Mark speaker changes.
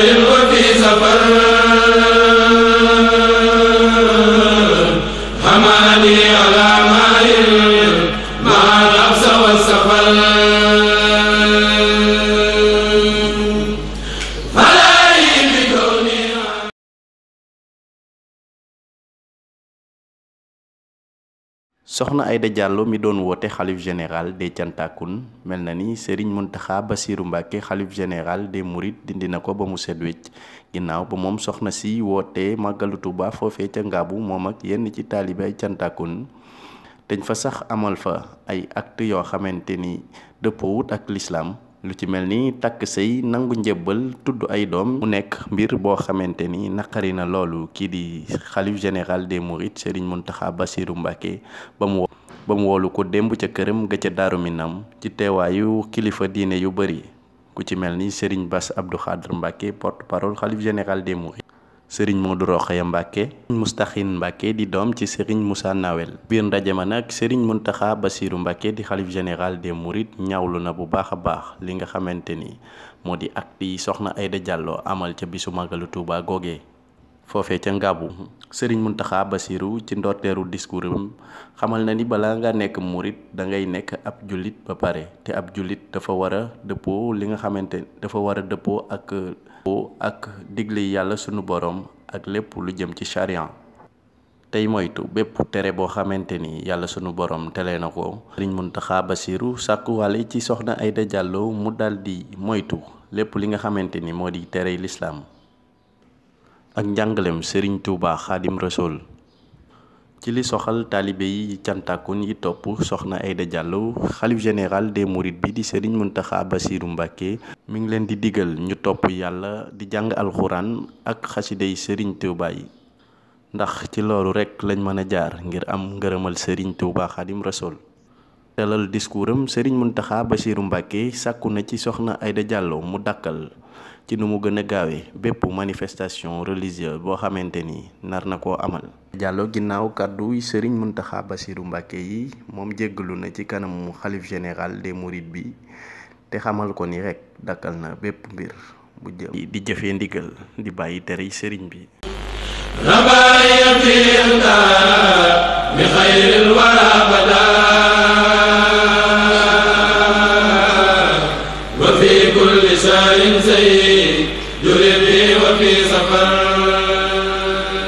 Speaker 1: على
Speaker 2: soxna Aida Diallo mi doon woote xalif général des cantaakun mel na ni Serigne Mountakha Bassirou Mbacké xalif général des Mourides dindi na ko ba mu set wecc ginnaaw ba moom soxna si woote màggalu Tuuba foofe ca Ngaabu moom ak yenn ci taalibe ay Thiantakoun fa sax amal fa ay acte yoo xamante ni dëppoowut ak lislaam lu ci mel ni takk sëy nangu njëbbal tudd ay doom mu nekk mbir boo xamante ni naqari na loolu kii di xalif général des mourides Serigne Mountakha Bassirou Mbacké ba mu ba mu wolu ko démb ca këram ga ca Daaru Minam ci teewaayu kilifa diine yu bëri ku ci mel ni Serigne Bass Abdou Khadre Mbacké porte-parole xalif général des mourides sëriñ Modou Rokhaya Mbacke Moustakhin Mbacke di doom ci sëriñ Moussa Nawel biir ndaje ma nag sëriñ Mountakha Bassirou Mbacke di xalif général des Mourides ñaawlu na bu baax a baax li nga xamante ni moo di acte yi soxna Aïda Diallo amal ca bisu màggalu Touba googee foofee ca Ngaabu Serigne Mountakha Bassirou ci ndorteeru discours xamal na ni balaa nga nekk murit dangay nekk ab jullit ba pare te ab jullit dafa war a dëppoo li nga xamante dafa war a dëppoo ak ak digle yàlla sunu borom ak lépp lu jëm ci charian tey moytu bépp tere boo xamante ni yàlla sunu borom tele na ko Serigne Mountakha sàkk sàkkuwale ci soxna Aïda Diallo mu daal di moytu lépp li nga xamante ni moo di tere lislaam ak njàngaleem Serigne Touba Xaadim Rasool ci li soxal taalibe yi cantakun yi topp soxna Aïda Diallo xalif général de mourides bi di Serigne Mountakha Bassirou Mbacké mi ngi leen di diggal ñu topp yàlla di jàng alxuraan ak xasiday Serigne Touba yi ndax ci loolu rekk lañ mën a jaar ngir am ngërëmal Serigne Touba Xaadim Rasool dalal discours am Serigne Mountakha sàkku na ci soxna Aïda Diallo mu dakkal ci nu mu gën a bépp manifestation religieuse boo xamante ni nar na koo amal. ginnaaw kàddu yi Serigne Mountakha yi moom jéggalu na ci kanamu xalif général des mourides bi te xamal ko ni rek dakkal na bépp mbir bu di jëfee ndigal di bàyyi tere yi Serigne bi. ربا يقينا
Speaker 1: بخير الورى بدا سفر